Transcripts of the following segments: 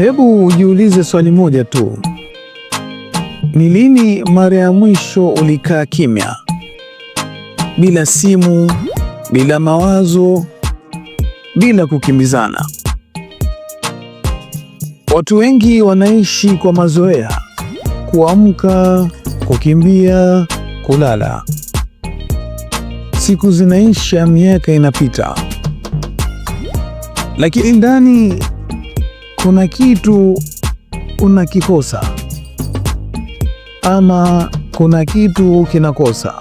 Hebu ujiulize swali moja tu, ni lini mara ya mwisho ulikaa kimya, bila simu, bila mawazo, bila kukimbizana? Watu wengi wanaishi kwa mazoea: kuamka, kukimbia, kulala. Siku zinaisha, miaka inapita, lakini ndani kuna kitu unakikosa ama kuna kitu kinakosa.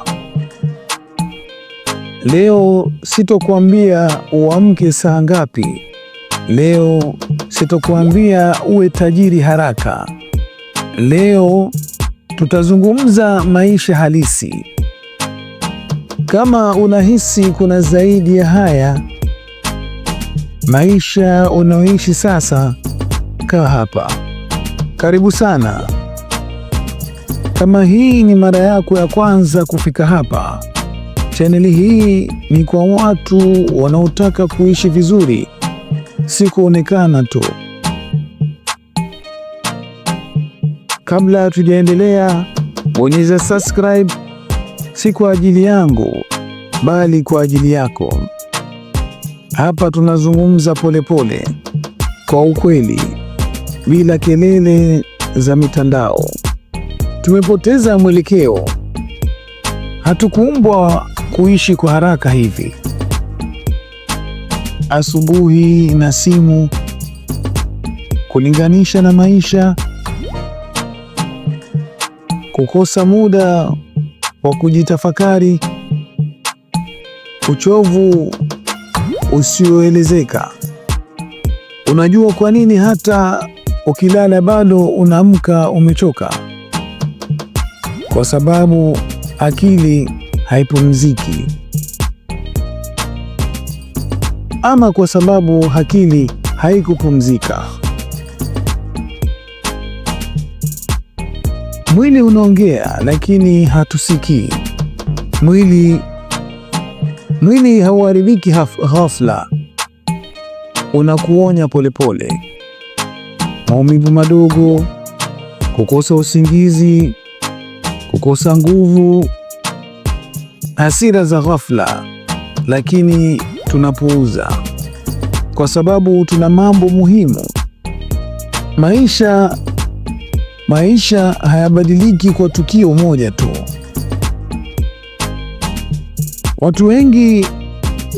Leo sitokuambia uamke saa ngapi. Leo sitokuambia uwe tajiri haraka. Leo tutazungumza maisha halisi. Kama unahisi kuna zaidi ya haya maisha unaoishi sasa mpaka hapa, karibu sana. Kama hii ni mara yako ya kwanza kufika hapa, chaneli hii ni kwa watu wanaotaka kuishi vizuri, si kuonekana tu. Kabla tujaendelea bonyeza subscribe, si kwa ajili yangu, bali kwa ajili yako. Hapa tunazungumza polepole pole, kwa ukweli bila kelele za mitandao. Tumepoteza mwelekeo, hatukuumbwa kuishi kwa haraka hivi. Asubuhi na simu, kulinganisha na maisha, kukosa muda wa kujitafakari, uchovu usioelezeka. Unajua kwa nini hata ukilala bado unaamka umechoka, kwa sababu akili haipumziki, ama kwa sababu akili haikupumzika. Mwili unaongea lakini hatusikii. Mwili mwili hauharibiki ghafla, unakuonya polepole maumivu madogo, kukosa usingizi, kukosa nguvu, hasira za ghafla, lakini tunapuuza kwa sababu tuna mambo muhimu. Maisha maisha hayabadiliki kwa tukio moja tu. Watu wengi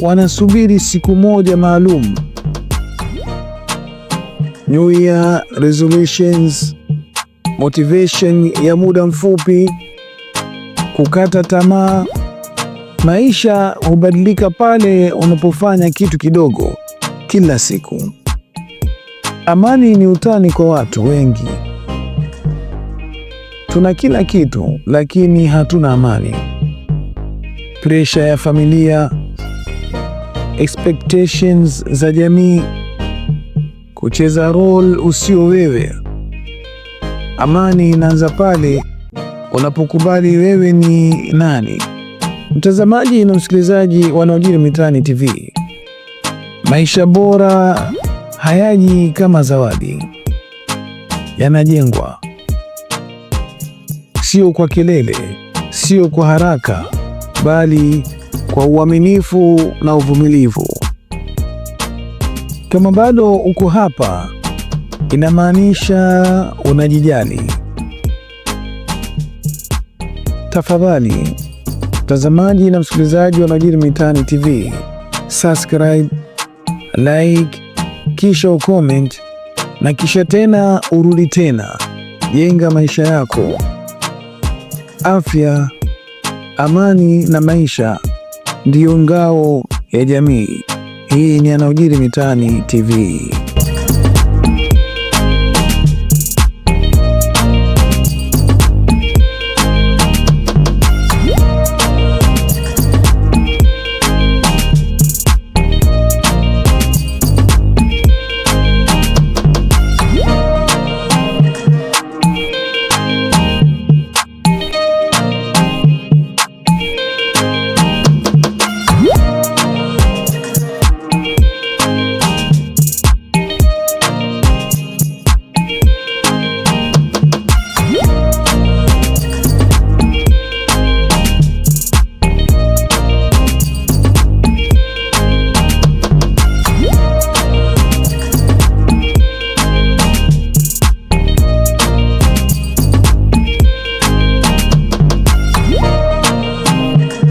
wanasubiri siku moja maalum New Year resolutions, motivation ya muda mfupi, kukata tamaa. Maisha hubadilika pale unapofanya kitu kidogo kila siku. Amani ni utani kwa watu wengi. Tuna kila kitu lakini hatuna amani. Presha ya familia, expectations za jamii kucheza role usio wewe. Amani inaanza pale unapokubali wewe ni nani. Mtazamaji na msikilizaji yanayojiri mitaani TV, maisha bora hayaji kama zawadi, yanajengwa sio kwa kelele, sio kwa haraka, bali kwa uaminifu na uvumilivu. Kama bado uko hapa, inamaanisha unajijali. Tafadhali mtazamaji na msikilizaji wa yanayojiri mitaani TV, subscribe, like, kisha ucomment na kisha tena urudi tena. Jenga maisha yako, afya, amani na maisha ndiyo ngao ya jamii. Hii ni yanayojiri mitaani TV.